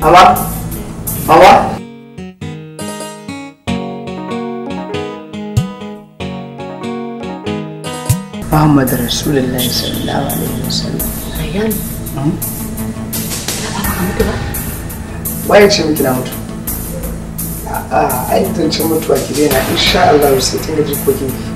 Awa? Awa? Muhammad Rasulullah sallallahu alaihi wasallam. Rayyan. Ba ka mutu ba? ce miki mutu? A'a, ai tun ce mutuwa ki daina insha Allah sai kin ga jikokin ki.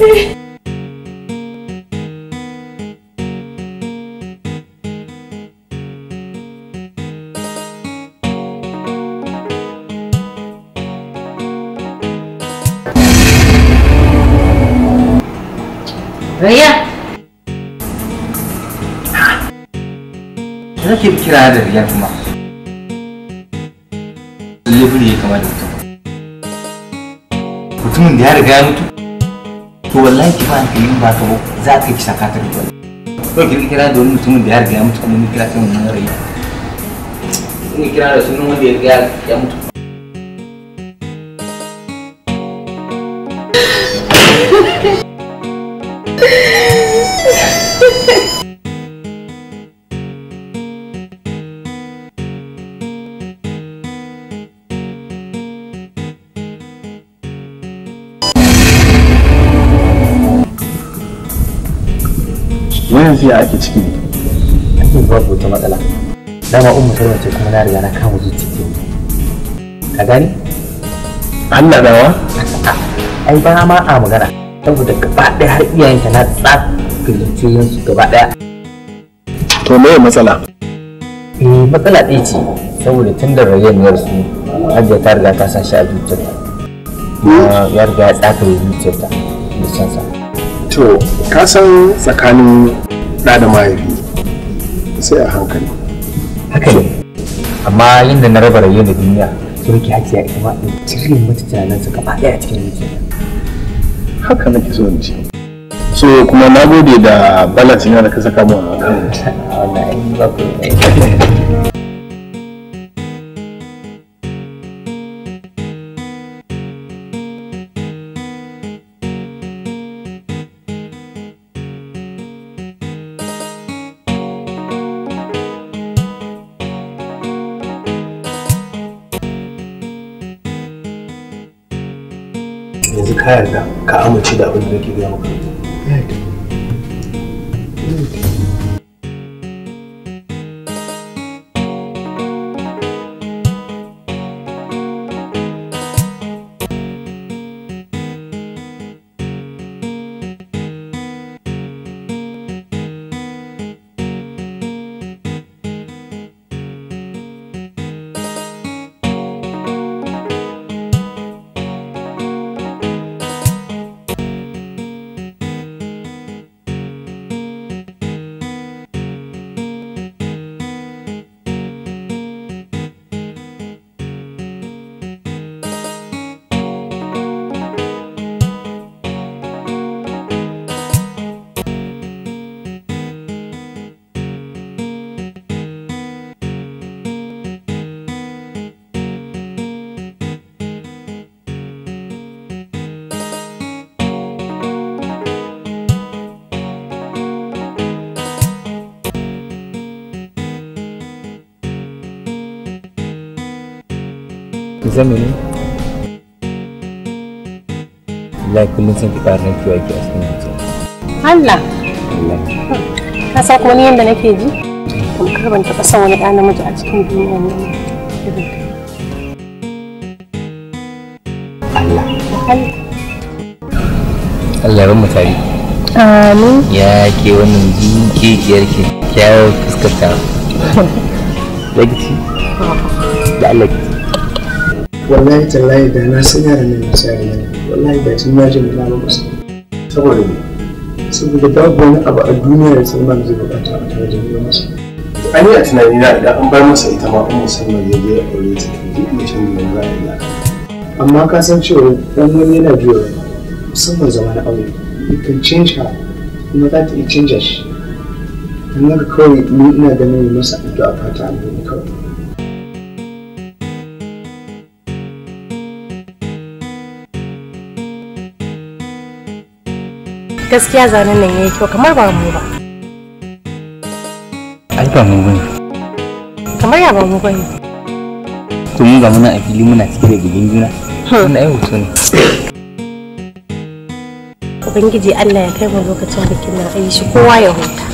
Merci. Raya. Zaki bi kira da riya kuma. Leburi ya kama da mutum. Mutumin da riga mutu. to wallahi ki fara yin ba ka za ka ki saka ta da wani ko ki kira da wani mutumin da ya riga ya mutu kuma ni kira ta wannan rai ni kira da sunan wanda ya riga ya mutu tafiya ake ciki ne ake babu wata matsala dama 'un sarwa ce kuma na riga na kama zuciya ka gani Allah dawa ai ba ma a magana saboda gaba ɗaya har iyayenta na tsakirice su gaba ɗaya to me matsala eh matsala ɗaya ce saboda tun da rayuwar su hajiya ta riga ta sashi a zuciyarta ya riga ya tsakare zuciyarta da sansa to ka san tsakanin da da mahaifi sai a hankali haka ne amma yadda na raba rayuwa da duniya so yake hajiya ita ma in cire mata tunaninsa gaba daya cikin zuciya haka nake so in ce so kuma na gode da balance na da ka saka mu a kan wannan ba ku ka yarda ka amince da abin da nake gaya maka examine nake ji? Tamkar ban a ne irin Allah! Allah ya Amin. Ya ke wannan jinkekiyar ke kyawar fuskar ta. da ci? Da Allah ki wallahi tallahi da na san yaran ne su yare ne wallahi da sun ma jin na ba su saboda ne saboda babu wani abu a duniya da Salman zai bukata a tare da mu masa an yi a tunani na idan an bar masa ita ma kuma musamman ya je kore ta duk mutum da ya yi amma ka san cewa dan wani yana juya musamman zaman aure you can change her kuma za ta iya canja shi don kawai ni ina ganin masa addu'a fata alheri kawai gaskiya zanen nan yayi kyau kamar ba mu ba ai ba mu bane kamar ya ba mu bane to mun ga muna a fili muna cike da gigin juna hmm. wannan ai hoto ne ubangiji Allah ya kai mu lokacin bikin nan ai shi kowa ya huta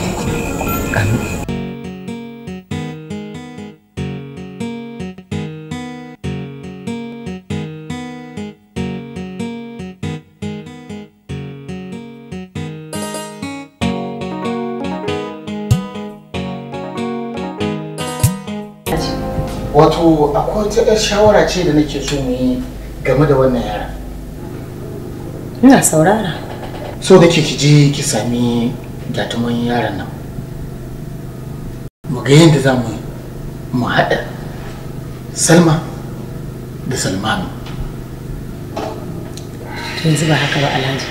akwai wata yar shawara ce da nake so mu yi game da wannan yara ina saurara so da ke je ki sami gatuman yaran nan mu ga yadda za mu mu haɗa salma da salmanu yanzu ba haka ba alhaji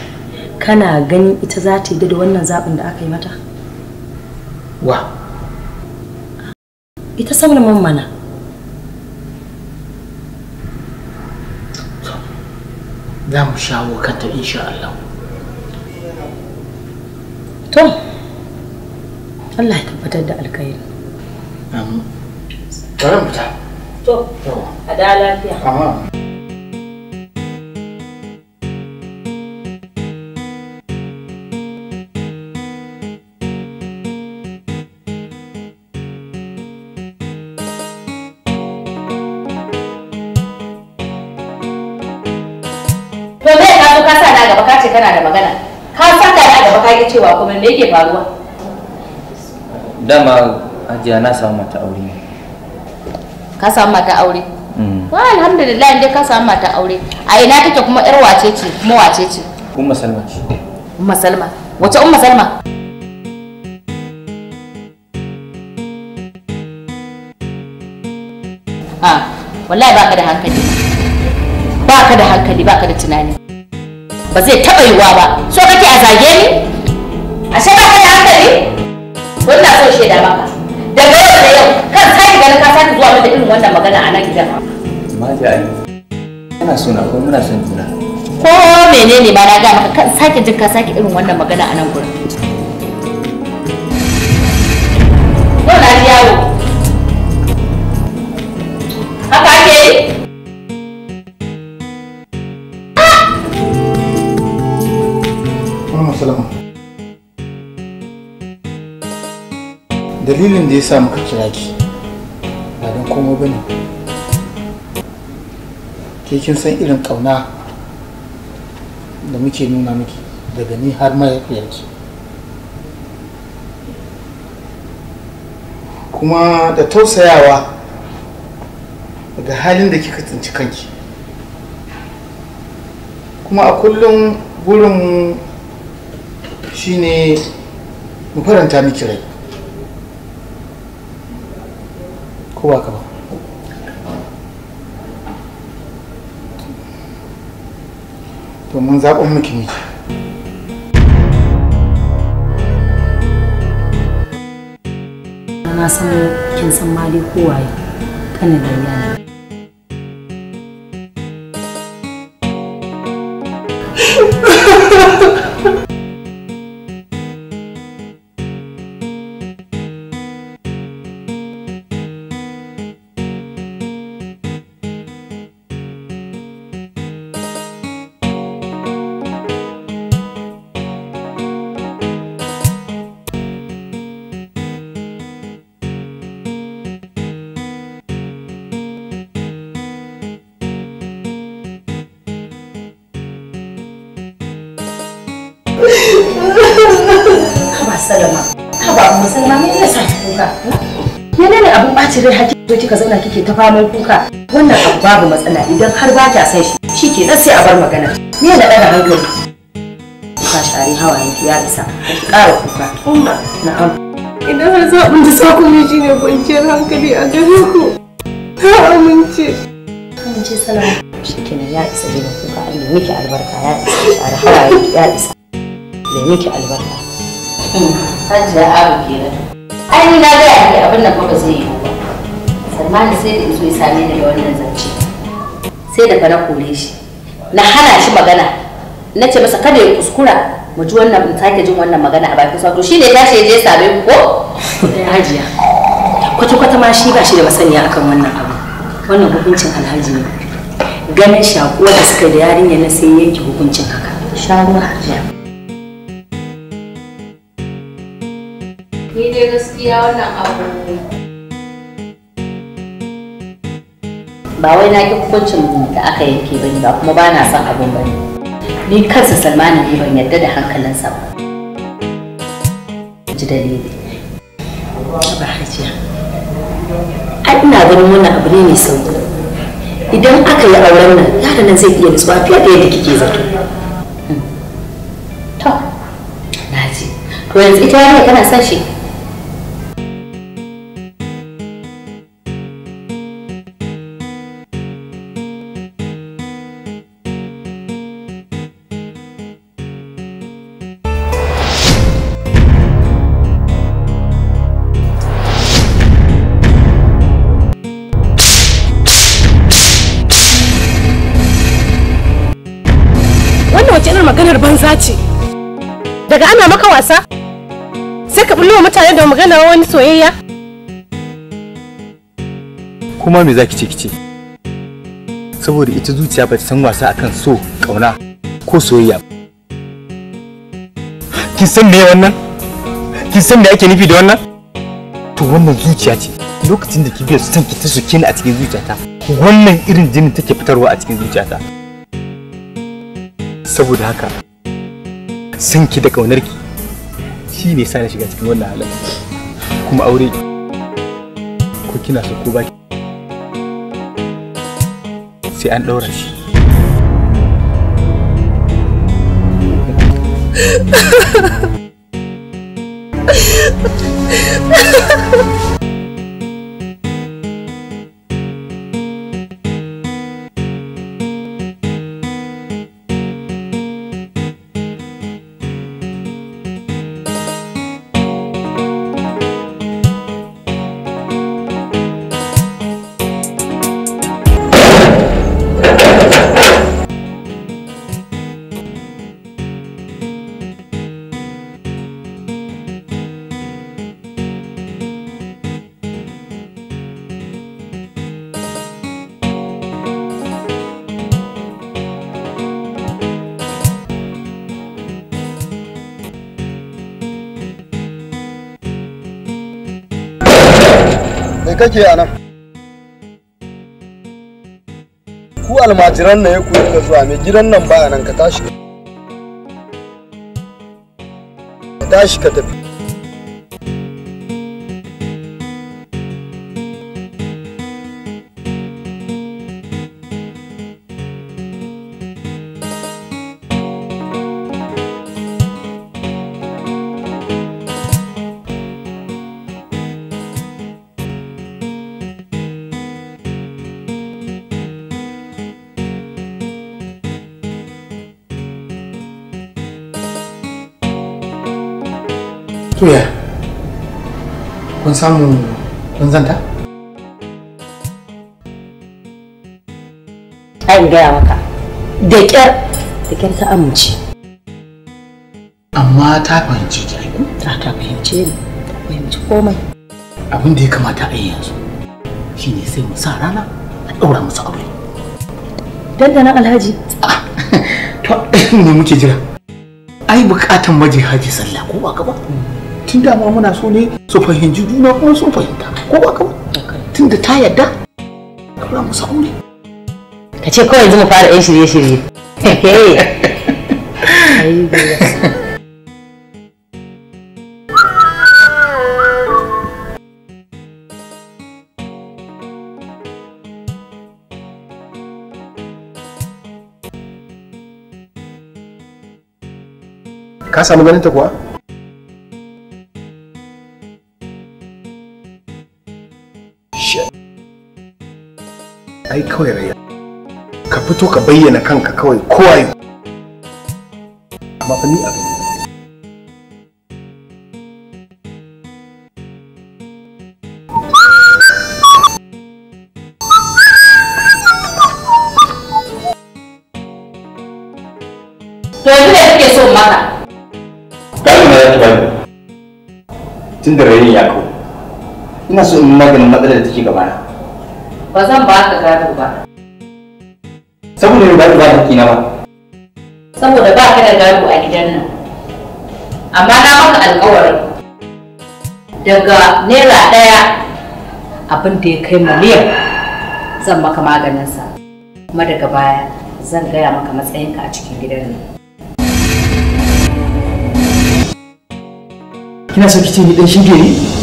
kana gani ita za ta yi da wannan zaɓin da aka yi mata wa ita sauran mana za mu shawo kanta insha Allah to Allah ya tabbatar da alkhairi amin bari mu ta to a da lafiya ce kana da magana ka saka ya gaba ka cewa kuma me yake faruwa dama ajiya na samu mata aure ne ka samu mata aure mm. wa alhamdulillah inda ka samu mata aure a ina kake kuma yar wace ce kuma wace ce umma salma ce umma salma wace umma salma a wallahi baka da hankali baka da hankali baka da tunani ba zai taɓa yiwuwa ba so kake a zage ni a shaba ka da hankali wannan so shaida maka daga yau da yau kan sake ganin ka sake zuwa mata irin wannan magana a nan gidan Kana ana na, ko muna son juna ko menene ba na ga maka kan sake jin ka sake irin wannan magana a nan gurin dalilin da ya sa muka kira ki ba don komo ba ne ke kin san irin ƙauna da muke nuna miki daga ni har mahaifiyarki kuma da tausayawa daga halin da kika tsinci kanki kuma a kullum burin shine mu faranta miki rai ko ba ka ba to mun zaɓin miki ne na san kin san mali dai kowaye kanin da yana iya sa kuka menene abin ɓacin rai haki zo kika zauna kike ta faman kuka wannan abu babu matsala idan har ba ta san shi nan sai a bar magana me na ɗaga hankali kuka shari hawayen ki ya isa ki ƙara kuka umma na'am idan har zaɓin da sa kuma shi ne kwanciyar hankali a gare ku ta amince amince salama shi kenan ya isa daina kuka an yi miki albarka ya isa share hawaye ya isa da miki albarka hajiya abu kenan ai na gaya ne abin nan ba zai yi ba salmani sai da izo ya same ni da wannan zance sai da fara kore shi na hana shi magana na ce masa kada ya kuskura mu ji wannan in take jin wannan magana a bakin sa to shi ne tashi ya je same ku ko eh, hajiya kwata-kwata ma shi ba shi da masaniya akan wannan abu wannan hukuncin alhaji ne ganin shakuwa da suka da yarinya na sai yanke hukuncin haka sharuwa hajiya ni dai gaskiya wannan abu ba wai na ki hukuncin da aka yanke ba ba kuma ba na son abin ba ni kansa salmani ne ban yarda da hankalinsa ba ji dalili ba hajiya ai ina ganin wannan abu ne mai sauki idan aka yi auren nan yaron nan zai iya nutsuwa fiye da yadda kike zato hmm. to na ji to yanzu ita yarinya tana son shi maganar banza ce daga ana maka wasa sai ka bullo mutane da magana wani soyayya kuma me zaki ce kice saboda ita zuciya ba ta san wasa akan so kauna ko soyayya ki san me wannan ki san me ake nufi da wannan to wannan zuciya ce lokacin da biya son ki ta soke ni a cikin zuciyata wannan irin jinin take fitarwa a cikin zuciyata saboda haka san ki da kaunar ki shi ne sa na shiga cikin wannan halin kuma aure ko kina so ko baki sai an daura shi Ha ha ha! kake a nan ku almajiran na ya koyi da zuwa mai gidan nan ba a nan ka tashi ka tafi To ya? Kun samu kun zanta? Ai gaya maka. Da ƙyar, da ƙyar ta amince. Amma ta fahimci ki Ta ta fahimce ni, ta fahimci komai. Abin da ya kamata a yi yanzu ne sai mu sa rana a ɗaura musu aure. Dandanan Alhaji. Ah, to, ne muke jira? Ai bukatan maje haji sallah ko ba gaba? tun da ma muna so ne su fahimci juna kuma sun fahimta ko ba kawai tun da ta yadda kura musu aure ka ce kawai yanzu mu fara yan shirye-shirye ka samu ganin ta kuwa? ai kawai rai ka fito ka bayyana kanka kawai kowa ya amma fa ni a gani da kake so tun da ya kawo. Ina so in maganin matsalar da take gabana. ba zan ba ka gado ba saboda ba ba da kina ba saboda ba ka da gado a gidan nan amma na maka alƙawarin daga naira ɗaya abin da ya kai miliyan zan maka maganinsa kuma daga baya zan gaya maka matsayinka a cikin gidan nan kina so ki ce ni ɗan shige ne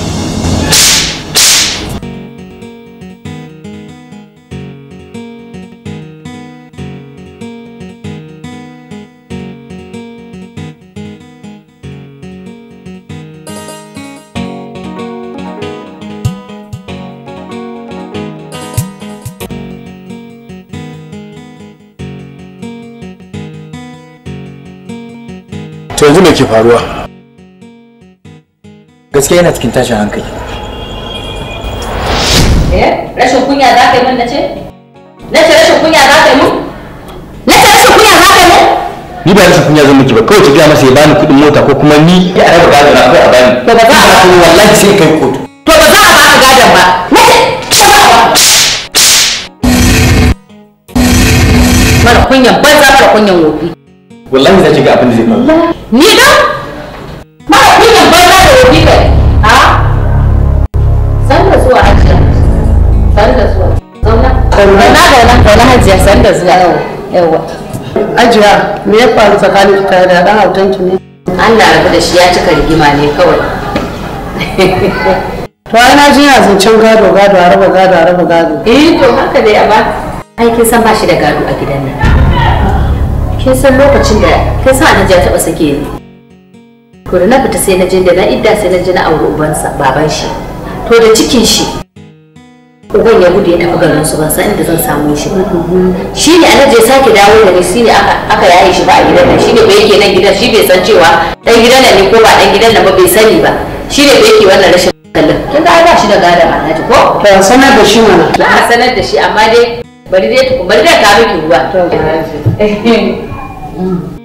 ke faruwa gaskiya yana cikin tashin hankali eh rashin kunya za ka yi mun na ce na rashin kunya za ka yi mun na rashin kunya za ka yi mun ni ba rashin kunya zan miki ba kawai ki gaya masa ya bani kudin mota ko kuma ni ya raba gado na kai a bani to ba za a ba wallahi sai kai kotu to ba za a ba ka gadon ba na ce ba mara kunyan banza mara kunyan wofi wallahi zai shiga ga abin da zai faru ni da mara kunya banza da wani kai a san da zuwa hajiya san da zuwa zauna zauna zauna na hajiya san da zuwa yauwa ajiya me ya faru tsakanin ki da dan autanki ne Allah rabu da shi ya cika rigima ne kawai to ai na ji yana zancen gado gado a raba gado a raba gado eh to haka dai amma ai kin san ba shi da gado a gidan nan kin san lokacin da kai sa na ja taba sake ni to da na fita sai na je da na idda sai na je na aure ubansa baban shi to da cikin shi uban ya gudu ya tafi garin su ban san inda zan samu shi shi ne alaji ya sake dawo da ni shi ne aka yaye shi ba a gidan nan shi ne bai yake nan gidan shi bai san cewa dan gidan nan ne ko ba dan gidan nan ba bai sani ba shi ne bai yake wannan rashin kallon kin ga ba shi da gadon naji ko to sanar da shi mana na sanar da shi amma dai bari dai bari dai ka miki ruwa to yanzu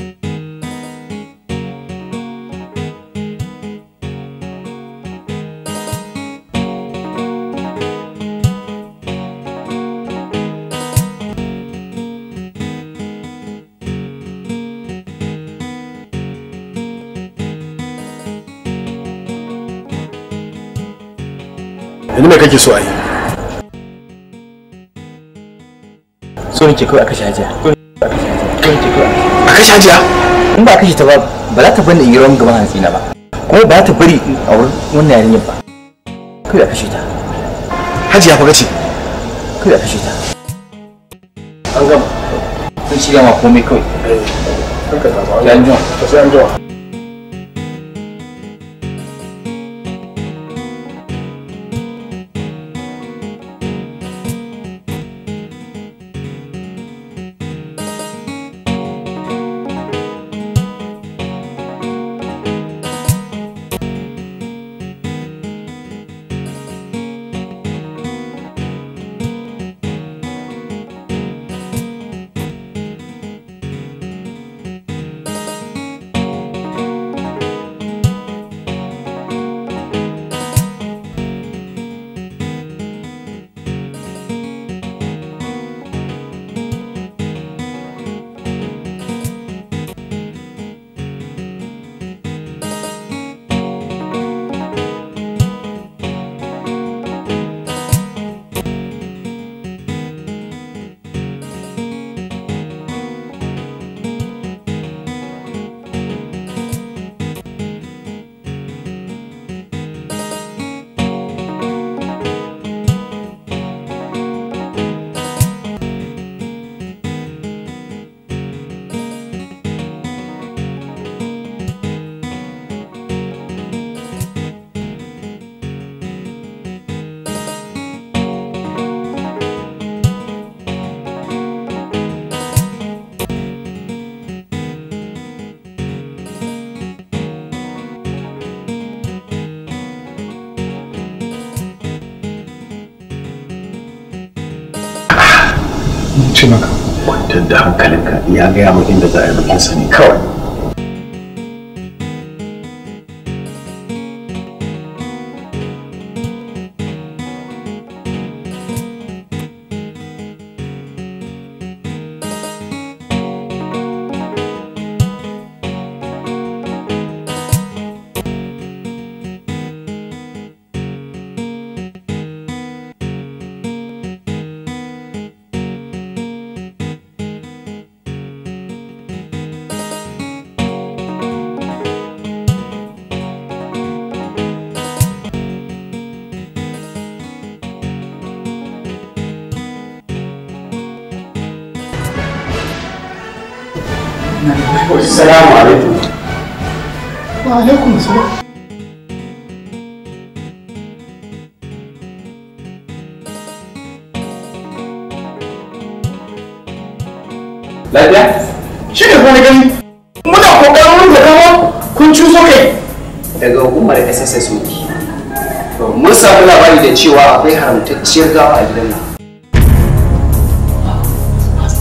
me kake so a yi so nake kawai aka shaji kashe hajiya in ba kashe ta ba ba za ta bani in yi rawan gaban hantsi na ba kuma ba za ta bari a wurin wannan yarinyar ba kai a kashe ta hajiya fa ce kai a kashe ta an gama sun shirya ma komai kawai yanzu eh, ka sai an jima kwantar da hankalinka ya gaya mu inda za a yi sa ne kawai su shi ne muna kokarin rufe kama daga hukumar sss wiki mun da cewa akwai haramtacciyar gawa a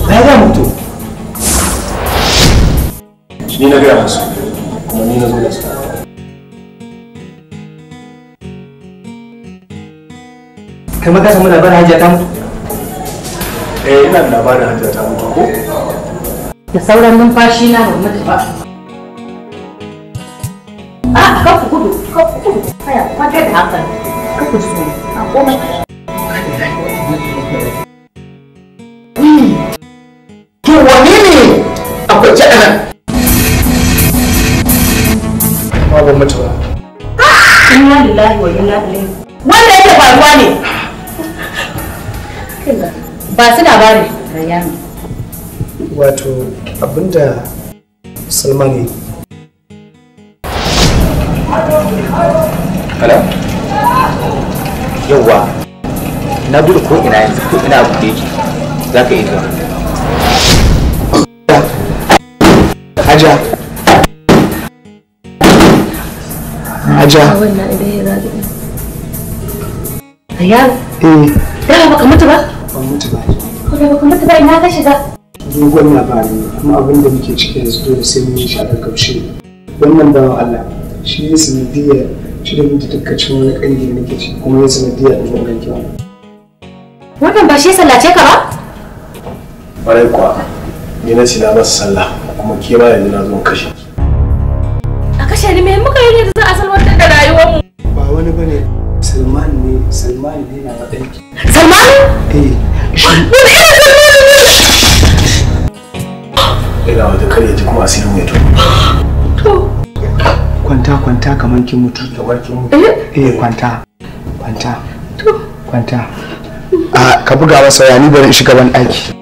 na za mutu ni na gaya ni na zo da kai ma ka samu labarin hajiya ta mutu eh ina da labarin hajiya ta mutu ko da sauran numfashi na ba mutu ba a ah, ka ku gudu ka ku gudu kaya kwantar da hakan ka ku ji a komai to wane ne yake faruwa ne ba su rayami wato abinda salman yi hala Yawwa, na gudu ko ina yanzu ko ina abu za ka iya Haja. Haja. idan ya eh. baka mutu ba? ban mutu ba kuma ba ku mutu ba ina ka shiga dogon labari kuma abin da muke cikin yanzu dole sai mun yi shi a gaggauce wannan bawan Allah shi ya sanadiyar shirin da takkacin wani ƙangi da nake ci kuma ya sanadiyar da wannan kyau wannan ba shi sallace ka ba ƙwarai kuwa ni na ci na masa sallah kuma ke ma yanzu na zo kashe a kashe ni me muka yi ne da za a salwantar da rayuwarmu ba wani bane Salman ne, Salman ne na ɗanki. Salman? Eh. Wani irin Salman ne? Ina wata kare ji kuma asirin ya To. Kwanta kwanta kamar kin mutu. Kamar kin mutu. Eh? eh kwanta. Kwanta. To. Kwanta. A ah, ka buga masa ya ni bari in shiga ban ɗaki.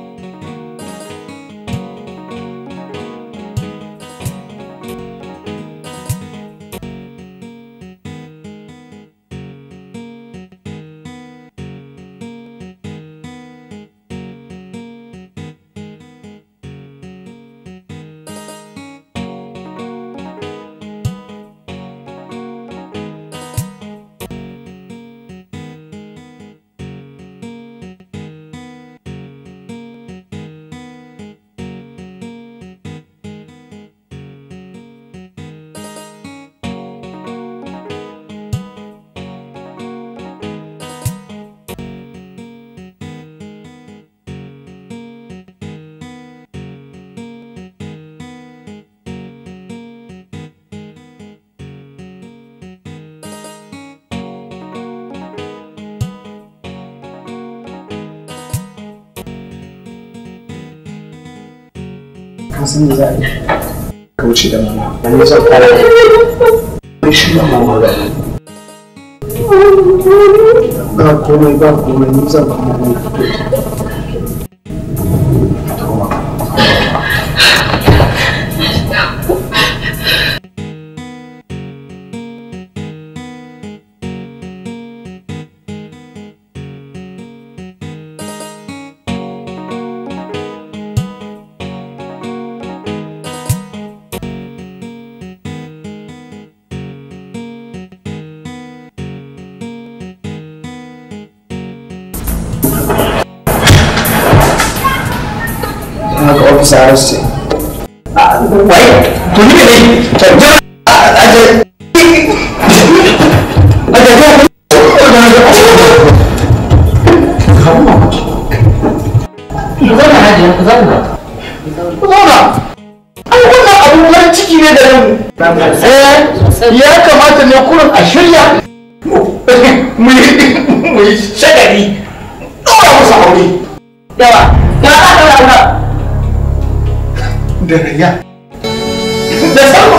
ka san me za a yi ka da mama zan fara da shi mama da ba komai ba komai zan fara da sarar ce wai to ne to ja aje aje ja ciki ne da nan ya kamata ne kurin a shirya mu yi shagali ɗora musa aure yawa ya ɗora ɗora udah ya udah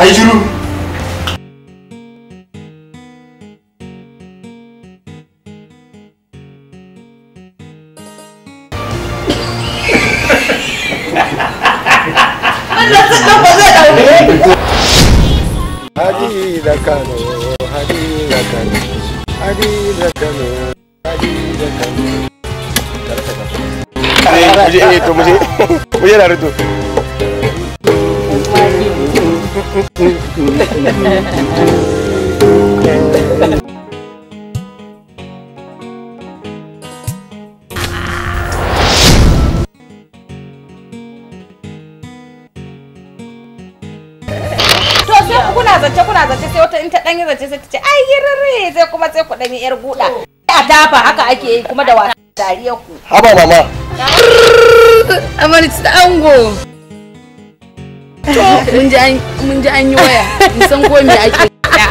I do. hannun yar guda a dafa haka ake yi kuma da wasa dariyar ku haba yi waya ko me ake a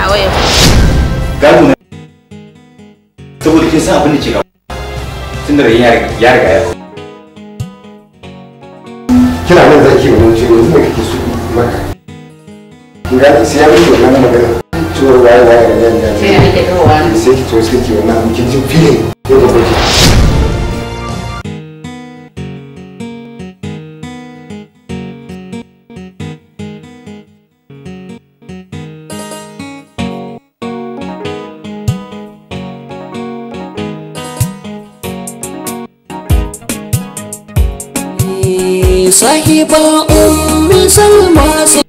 waya gado na saboda kin san abin da ke gaba tun da nan zaki maka kin sai ya magana ciwon waye waye da nan da nan sai ki sai ki kin ji ko